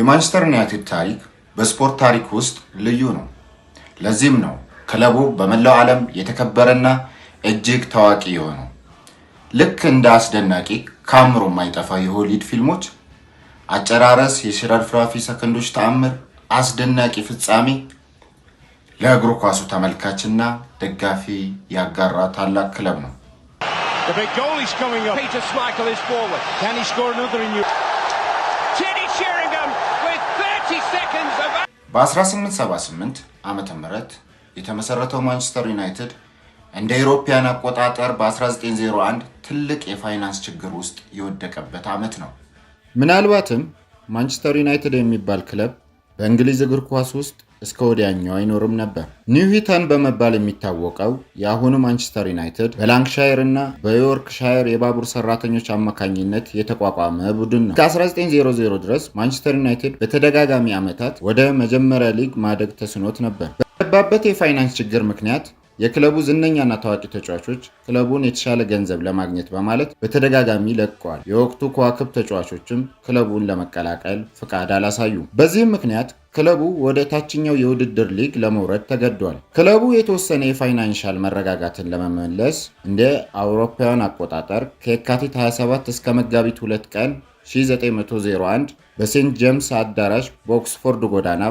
የማንቸስተር ዩናይትድ ታሪክ በስፖርት ታሪክ ውስጥ ልዩ ነው። ለዚህም ነው ክለቡ በመላው ዓለም የተከበረና እጅግ ታዋቂ የሆነው። ልክ እንደ አስደናቂ ከአእምሮ የማይጠፋ የሆሊድ ፊልሞች አጨራረስ፣ የሽራፍራፊ ሰከንዶች ተአምር፣ አስደናቂ ፍጻሜ ለእግር ኳሱ ተመልካችና ደጋፊ ያጋራ ታላቅ ክለብ ነው። በ1878 ዓ ምህረት የተመሰረተው ማንቸስተር ዩናይትድ እንደ ኢሮፓያን አቆጣጠር በ1901 ትልቅ የፋይናንስ ችግር ውስጥ የወደቀበት ዓመት ነው። ምናልባትም ማንቸስተር ዩናይትድ የሚባል ክለብ በእንግሊዝ እግር ኳስ ውስጥ እስከ ወዲያኛው አይኖርም ነበር። ኒውሂተን በመባል የሚታወቀው የአሁኑ ማንቸስተር ዩናይትድ በላንክሻየር እና በዮርክሻየር የባቡር ሰራተኞች አማካኝነት የተቋቋመ ቡድን ነው። ከ1900 ድረስ ማንቸስተር ዩናይትድ በተደጋጋሚ ዓመታት ወደ መጀመሪያ ሊግ ማደግ ተስኖት ነበር። በገባበት የፋይናንስ ችግር ምክንያት የክለቡ ዝነኛና ታዋቂ ተጫዋቾች ክለቡን የተሻለ ገንዘብ ለማግኘት በማለት በተደጋጋሚ ለቀዋል። የወቅቱ ከዋክብ ተጫዋቾችም ክለቡን ለመቀላቀል ፍቃድ አላሳዩም። በዚህም ምክንያት ክለቡ ወደ ታችኛው የውድድር ሊግ ለመውረድ ተገዷል። ክለቡ የተወሰነ የፋይናንሻል መረጋጋትን ለመመለስ እንደ አውሮፓውያን አቆጣጠር ከየካቲት 27 እስከ መጋቢት 2 ቀን 1901 በሴንት ጄምስ አዳራሽ በኦክስፎርድ ጎዳና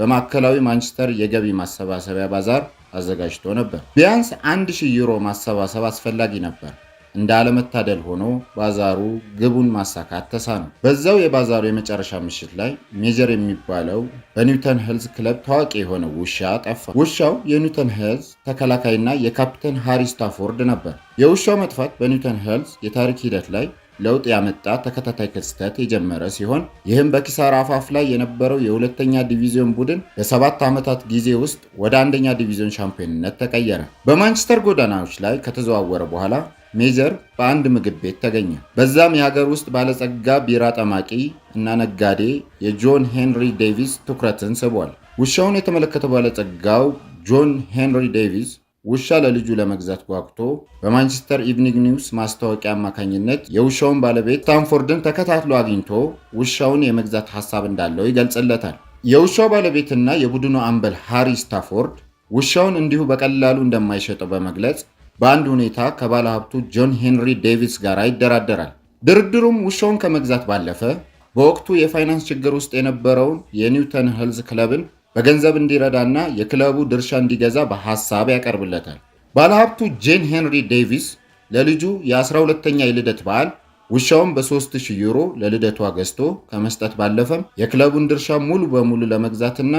በማዕከላዊ ማንቸስተር የገቢ ማሰባሰቢያ ባዛር አዘጋጅቶ ነበር። ቢያንስ አንድ ሺህ ዩሮ ማሰባሰብ አስፈላጊ ነበር። እንደ አለመታደል ሆኖ ባዛሩ ግቡን ማሳካት ተሳነው። በዛው የባዛሩ የመጨረሻ ምሽት ላይ ሜጀር የሚባለው በኒውተን ሄልዝ ክለብ ታዋቂ የሆነው ውሻ ጠፋ። ውሻው የኒውተን ሄልዝ ተከላካይና የካፕቴን ሃሪ ስታፎርድ ነበር። የውሻው መጥፋት በኒውተን ሄልዝ የታሪክ ሂደት ላይ ለውጥ ያመጣ ተከታታይ ክስተት የጀመረ ሲሆን ይህም በኪሳራ አፋፍ ላይ የነበረው የሁለተኛ ዲቪዚዮን ቡድን በሰባት ዓመታት ጊዜ ውስጥ ወደ አንደኛ ዲቪዚዮን ሻምፒዮንነት ተቀየረ። በማንቸስተር ጎዳናዎች ላይ ከተዘዋወረ በኋላ ሜጀር በአንድ ምግብ ቤት ተገኘ። በዛም የሀገር ውስጥ ባለጸጋ ቢራ ጠማቂ እና ነጋዴ የጆን ሄንሪ ዴቪስ ትኩረትን ስቧል። ውሻውን የተመለከተው ባለጸጋው ጆን ሄንሪ ዴቪስ ውሻ ለልጁ ለመግዛት ጓጉቶ በማንቸስተር ኢቭኒንግ ኒውስ ማስታወቂያ አማካኝነት የውሻውን ባለቤት ስታንፎርድን ተከታትሎ አግኝቶ ውሻውን የመግዛት ሐሳብ እንዳለው ይገልጽለታል። የውሻው ባለቤትና የቡድኑ አምበል ሃሪ ስታፎርድ ውሻውን እንዲሁ በቀላሉ እንደማይሸጠው በመግለጽ በአንድ ሁኔታ ከባለ ሀብቱ ጆን ሄንሪ ዴቪስ ጋር ይደራደራል። ድርድሩም ውሻውን ከመግዛት ባለፈ በወቅቱ የፋይናንስ ችግር ውስጥ የነበረውን የኒውተን ሄልዝ ክለብን በገንዘብ እንዲረዳና የክለቡ ድርሻ እንዲገዛ በሐሳብ ያቀርብለታል። ባለሀብቱ ጄን ሄንሪ ዴቪስ ለልጁ የ12ተኛ የልደት በዓል ውሻውን በ3000 ዩሮ ለልደቷ ገዝቶ ከመስጠት ባለፈም የክለቡን ድርሻ ሙሉ በሙሉ ለመግዛትና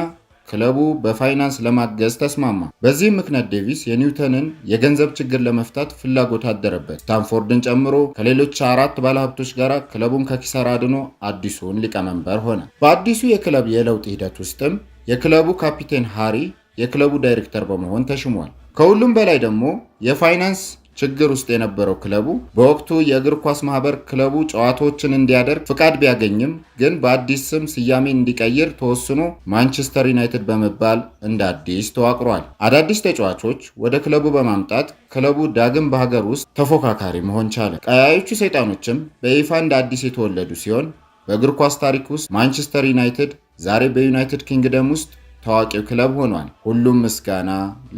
ክለቡ በፋይናንስ ለማገዝ ተስማማ። በዚህም ምክንያት ዴቪስ የኒውተንን የገንዘብ ችግር ለመፍታት ፍላጎት አደረበት። ስታንፎርድን ጨምሮ ከሌሎች አራት ባለሀብቶች ጋር ክለቡን ከኪሳራ አድኖ አዲሱን ሊቀመንበር ሆነ። በአዲሱ የክለብ የለውጥ ሂደት ውስጥም የክለቡ ካፒቴን ሃሪ የክለቡ ዳይሬክተር በመሆን ተሽሟል። ከሁሉም በላይ ደግሞ የፋይናንስ ችግር ውስጥ የነበረው ክለቡ በወቅቱ የእግር ኳስ ማህበር ክለቡ ጨዋታዎችን እንዲያደርግ ፍቃድ ቢያገኝም ግን በአዲስ ስም ስያሜ እንዲቀይር ተወስኖ ማንቸስተር ዩናይትድ በመባል እንደ አዲስ ተዋቅሯል። አዳዲስ ተጫዋቾች ወደ ክለቡ በማምጣት ክለቡ ዳግም በሀገር ውስጥ ተፎካካሪ መሆን ቻለ። ቀያዮቹ ሰይጣኖችም በይፋ እንደ አዲስ የተወለዱ ሲሆን በእግር ኳስ ታሪክ ውስጥ ማንቸስተር ዩናይትድ ዛሬ በዩናይትድ ኪንግደም ውስጥ ታዋቂው ክለብ ሆኗል። ሁሉም ምስጋና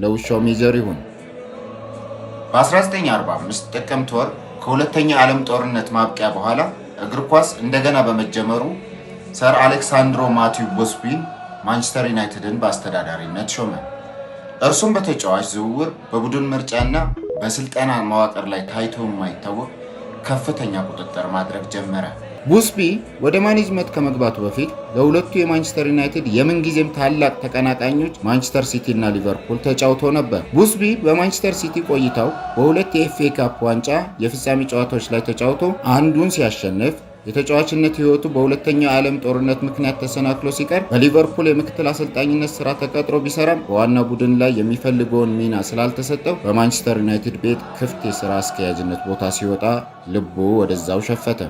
ለውሻው ሚዘር ይሁን። በ1945 ጥቅምት ወር ከሁለተኛ ዓለም ጦርነት ማብቂያ በኋላ እግር ኳስ እንደገና በመጀመሩ ሰር አሌክሳንድሮ ማቲው ቦስፒን ማንቸስተር ዩናይትድን በአስተዳዳሪነት ሾመ። እርሱም በተጫዋች ዝውውር፣ በቡድን ምርጫና በስልጠና መዋቅር ላይ ታይቶ የማይታወቅ ከፍተኛ ቁጥጥር ማድረግ ጀመረ። ቡስቢ ወደ ማኔጅመንት ከመግባቱ በፊት ለሁለቱ የማንቸስተር ዩናይትድ የምንጊዜም ታላቅ ተቀናቃኞች ማንቸስተር ሲቲ እና ሊቨርፑል ተጫውቶ ነበር። ቡስቢ በማንቸስተር ሲቲ ቆይታው በሁለት የኤፍኤ ካፕ ዋንጫ የፍጻሜ ጨዋታዎች ላይ ተጫውቶ አንዱን ሲያሸንፍ፣ የተጫዋችነት ህይወቱ በሁለተኛው የዓለም ጦርነት ምክንያት ተሰናክሎ ሲቀር በሊቨርፑል የምክትል አሰልጣኝነት ስራ ተቀጥሮ ቢሰራም በዋና ቡድን ላይ የሚፈልገውን ሚና ስላልተሰጠው በማንቸስተር ዩናይትድ ቤት ክፍት የስራ አስኪያጅነት ቦታ ሲወጣ ልቡ ወደዛው ሸፈተ።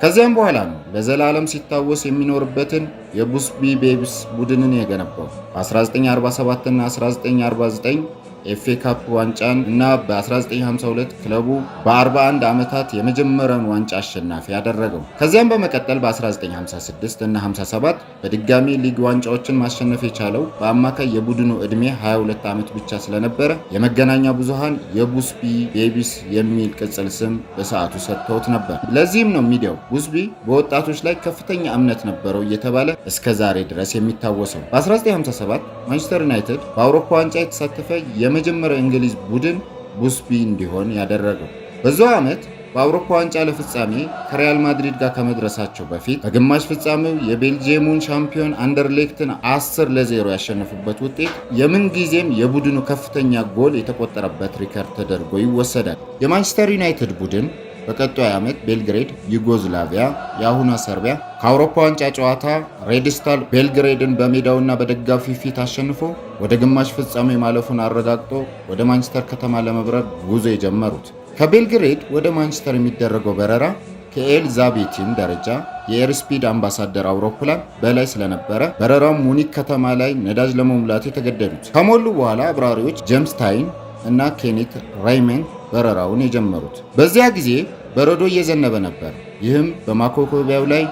ከዚያም በኋላ ነው ለዘላለም ሲታወስ የሚኖርበትን የቡስቢ ቤብስ ቡድንን የገነባው በ1947ና 1949 ኤፍኤ ካፕ ዋንጫን እና በ1952 ክለቡ በ41 ዓመታት የመጀመሪያውን ዋንጫ አሸናፊ ያደረገው። ከዚያም በመቀጠል በ1956 እና 57 በድጋሚ ሊግ ዋንጫዎችን ማሸነፍ የቻለው በአማካይ የቡድኑ ዕድሜ 22 ዓመት ብቻ ስለነበረ የመገናኛ ብዙሃን የቡስቢ ቤቢስ የሚል ቅጽል ስም በሰዓቱ ሰጥተውት ነበር። ለዚህም ነው ሚዲያው ቡስቢ በወጣቶች ላይ ከፍተኛ እምነት ነበረው እየተባለ እስከ ዛሬ ድረስ የሚታወሰው። በ1957 ማንቸስተር ዩናይትድ በአውሮፓ ዋንጫ የተሳተፈ የመጀመሪያው የእንግሊዝ ቡድን ቡስቢ እንዲሆን ያደረገው። በዛው ዓመት በአውሮፓ ዋንጫ ለፍጻሜ ከሪያል ማድሪድ ጋር ከመድረሳቸው በፊት በግማሽ ፍጻሜው የቤልጅየሙን ሻምፒዮን አንደርሌክትን 10 ለ0 ያሸነፉበት ውጤት የምንጊዜም የቡድኑ ከፍተኛ ጎል የተቆጠረበት ሪከርድ ተደርጎ ይወሰዳል። የማንቸስተር ዩናይትድ ቡድን በቀጣዩ ዓመት ቤልግሬድ ዩጎዝላቪያ የአሁኗ ሰርቢያ ከአውሮፓ ዋንጫ ጨዋታ ሬድስታል ቤልግሬድን በሜዳውና በደጋፊ ፊት አሸንፎ ወደ ግማሽ ፍጻሜ ማለፉን አረጋግጦ ወደ ማንቸስተር ከተማ ለመብረር ጉዞ የጀመሩት ከቤልግሬድ ወደ ማንቸስተር የሚደረገው በረራ ከኤልዛቤቲን ደረጃ የኤርስፒድ አምባሳደር አውሮፕላን በላይ ስለነበረ በረራው ሙኒክ ከተማ ላይ ነዳጅ ለመሙላት የተገደዱት ከሞሉ በኋላ አብራሪዎች ጄምስ ታይን እና ኬኒት ራይመንድ በረራውን የጀመሩት። በዚያ ጊዜ በረዶ እየዘነበ ነበር። ይህም በማኮኮቢያው ላይ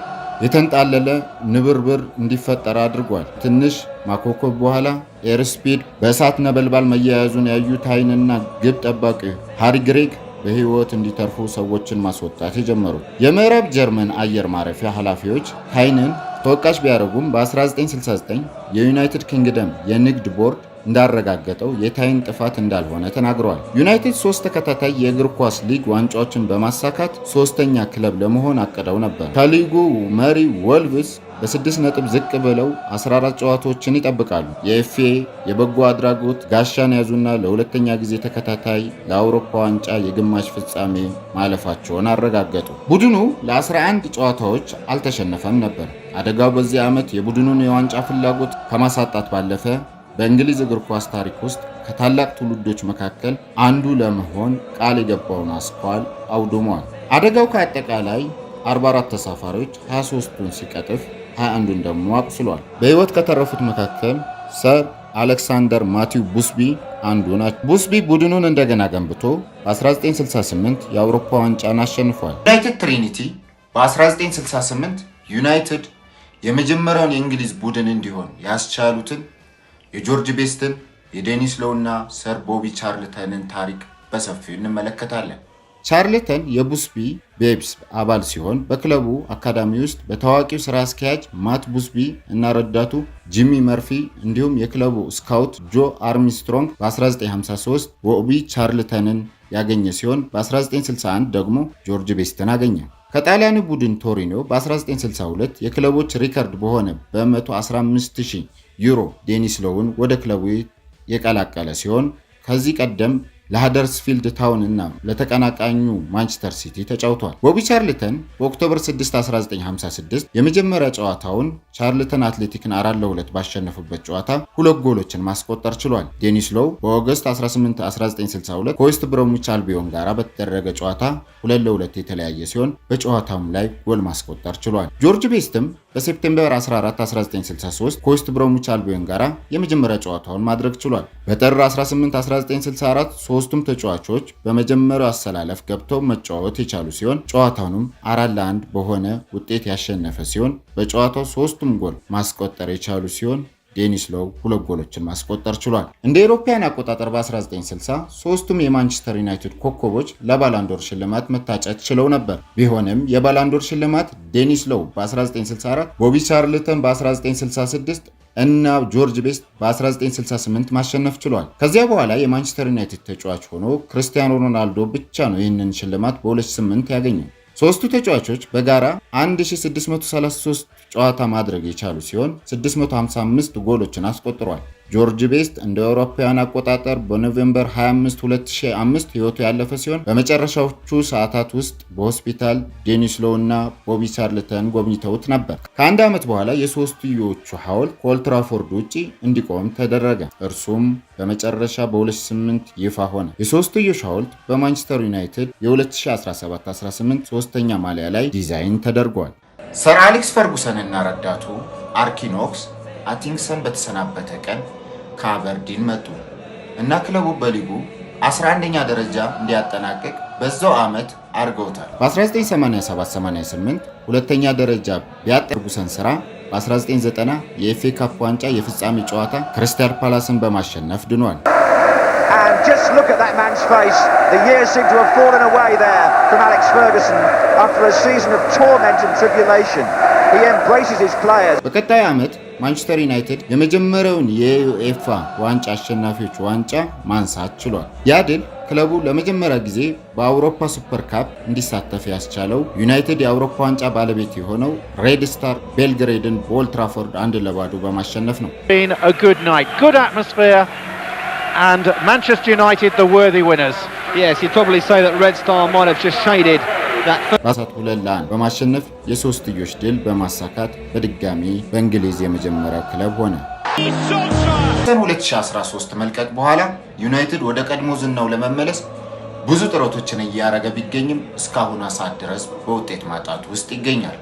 የተንጣለለ ንብርብር እንዲፈጠር አድርጓል። ትንሽ ማኮኮብ በኋላ ኤርስፒድ በእሳት ነበልባል መያያዙን ያዩት አይንና ግብ ጠባቂ ሃሪ ግሬግ በህይወት እንዲተርፉ ሰዎችን ማስወጣት የጀመሩ። የምዕራብ ጀርመን አየር ማረፊያ ኃላፊዎች ሃይንን ተወቃሽ ቢያደርጉም በ1969 የዩናይትድ ኪንግደም የንግድ ቦርድ እንዳረጋገጠው የታይን ጥፋት እንዳልሆነ ተናግሯል። ዩናይትድ ሶስት ተከታታይ የእግር ኳስ ሊግ ዋንጫዎችን በማሳካት ሶስተኛ ክለብ ለመሆን አቅደው ነበር። ከሊጉ መሪ ወልቭስ 6 ነጥብ ዝቅ ብለው 14 ጨዋታዎችን ይጠብቃሉ። የኤፍኤ የበጎ አድራጎት ጋሻን ያዙና ለሁለተኛ ጊዜ ተከታታይ ለአውሮፓ ዋንጫ የግማሽ ፍጻሜ ማለፋቸውን አረጋገጡ። ቡድኑ ለ11 ጨዋታዎች አልተሸነፈም ነበር። አደጋው በዚህ ዓመት የቡድኑን የዋንጫ ፍላጎት ከማሳጣት ባለፈ በእንግሊዝ እግር ኳስ ታሪክ ውስጥ ከታላቅ ትውልዶች መካከል አንዱ ለመሆን ቃል የገባውን አስኳል አውድሟል። አደጋው ከአጠቃላይ 44 ተሳፋሪዎች 23ቱን ሲቀጥፍ 21ዱን ደግሞ አቁስሏል። በሕይወት ከተረፉት መካከል ሰር አሌክሳንደር ማቲው ቡስቢ አንዱ ናቸው። ቡስቢ ቡድኑን እንደገና ገንብቶ በ1968 የአውሮፓ ዋንጫን አሸንፏል። ዩናይትድ ትሪኒቲ በ1968 ዩናይትድ የመጀመሪያውን የእንግሊዝ ቡድን እንዲሆን ያስቻሉትን የጆርጅ ቤስትን የዴኒስ ሎውና ሰር ቦቢ ቻርልተንን ታሪክ በሰፊው እንመለከታለን። ቻርልተን የቡስቢ ቤብስ አባል ሲሆን በክለቡ አካዳሚ ውስጥ በታዋቂው ስራ አስኪያጅ ማት ቡስቢ እና ረዳቱ ጂሚ መርፊ እንዲሁም የክለቡ ስካውት ጆ አርምስትሮንግ በ1953 ቦቢ ቻርልተንን ያገኘ ሲሆን በ1961 ደግሞ ጆርጅ ቤስትን አገኘ። ከጣሊያኑ ቡድን ቶሪኖ በ1962 የክለቦች ሪከርድ በሆነ በ115,000 ዩሮ ዴኒስ ሎውን ወደ ክለቡ የቀላቀለ ሲሆን ከዚህ ቀደም ለሃደርስፊልድ ታውን እና ለተቀናቃኙ ማንቸስተር ሲቲ ተጫውቷል። ቦቢ ቻርልተን በኦክቶበር 6 1956 የመጀመሪያ ጨዋታውን ቻርልተን አትሌቲክን አራት ለሁለት ባሸነፉበት ጨዋታ ሁለት ጎሎችን ማስቆጠር ችሏል። ዴኒስ ሎው በኦገስት 18 1962 ከዌስት ብሮምዊች አልቢዮን ጋር በተደረገ ጨዋታ ሁለት ለሁለት የተለያየ ሲሆን በጨዋታውም ላይ ጎል ማስቆጠር ችሏል። ጆርጅ ቤስትም በሴፕቴምበር 14 1963 ከዌስት ብሮሙች አልቢዮን ጋራ የመጀመሪያ ጨዋታውን ማድረግ ችሏል። በጥር 18 1964 ሶስቱም ተጫዋቾች በመጀመሪያው አሰላለፍ ገብተው መጫወት የቻሉ ሲሆን ጨዋታውንም አራት ለአንድ በሆነ ውጤት ያሸነፈ ሲሆን በጨዋታው ሶስቱም ጎል ማስቆጠር የቻሉ ሲሆን ዴኒስ ሎው ሁለት ጎሎችን ማስቆጠር ችሏል። እንደ ኤሮፓያን አቆጣጠር በ1960 ሶስቱም የማንቸስተር ዩናይትድ ኮከቦች ለባላንዶር ሽልማት መታጨት ችለው ነበር። ቢሆንም የባላንዶር ሽልማት ዴኒስ ሎው በ1964 ቦቢ ቻርልተን በ1966 እና ጆርጅ ቤስት በ1968 ማሸነፍ ችሏል። ከዚያ በኋላ የማንቸስተር ዩናይትድ ተጫዋች ሆኖ ክርስቲያኖ ሮናልዶ ብቻ ነው ይህንን ሽልማት በ2008 ያገኘው። ሶስቱ ተጫዋቾች በጋራ 1633 ጨዋታ ማድረግ የቻሉ ሲሆን 655 ጎሎችን አስቆጥሯል። ጆርጅ ቤስት እንደ አውሮፓውያን አቆጣጠር በኖቬምበር 25 2005 ህይወቱ ያለፈ ሲሆን በመጨረሻዎቹ ሰዓታት ውስጥ በሆስፒታል ዴኒስ ሎው እና ቦቢ ቻርልተን ጎብኝተውት ነበር። ከአንድ ዓመት በኋላ የሶስትዮቹ ሐውልት ከኦልትራፎርድ ውጪ እንዲቆም ተደረገ። እርሱም በመጨረሻ በ2008 ይፋ ሆነ። የሶስትዮሽ ሐውልት በማንቸስተር ዩናይትድ የ2017-18 ሶስተኛ ማሊያ ላይ ዲዛይን ተደርጓል። ሰር አሌክስ ፈርጉሰን እና ረዳቱ አርኪኖክስ አቲንግሰን በተሰናበተ ቀን ከአበርዲን መጡ እና ክለቡ በሊጉ 11ኛ ደረጃ እንዲያጠናቅቅ በዛው ዓመት አድርገውታል። በ1987/88 ሁለተኛ ደረጃ ቢያጠርጉሰን ስራ በ1990 የኤፌ ካፕ ዋንጫ የፍጻሜ ጨዋታ ክሪስታል ፓላስን በማሸነፍ ድኗል። በቀጣይ ዓመት ማንቸስተር ዩናይትድ የመጀመሪያውን የዩኤፋ ዋንጫ አሸናፊዎች ዋንጫ ማንሳት ችሏል። ያ ድል ክለቡ ለመጀመሪያ ጊዜ በአውሮፓ ሱፐር ካፕ እንዲሳተፍ ያስቻለው ዩናይትድ የአውሮፓ ዋንጫ ባለቤት የሆነው ሬድ ስታር ቤልግሬድን በኦልድ ትራፎርድ አንድ ለባዶ በማሸነፍ ነው። ማንቸስተር ዩናይትድ ራሳት ሁለት ለአንድ በማሸነፍ የሶስትዮሽ ድል በማሳካት በድጋሚ በእንግሊዝ የመጀመሪያው ክለብ ሆነ። ከ2013 መልቀቅ በኋላ ዩናይትድ ወደ ቀድሞ ዝናው ለመመለስ ብዙ ጥረቶችን እያደረገ ቢገኝም እስካሁን አሳት ድረስ በውጤት ማጣት ውስጥ ይገኛል።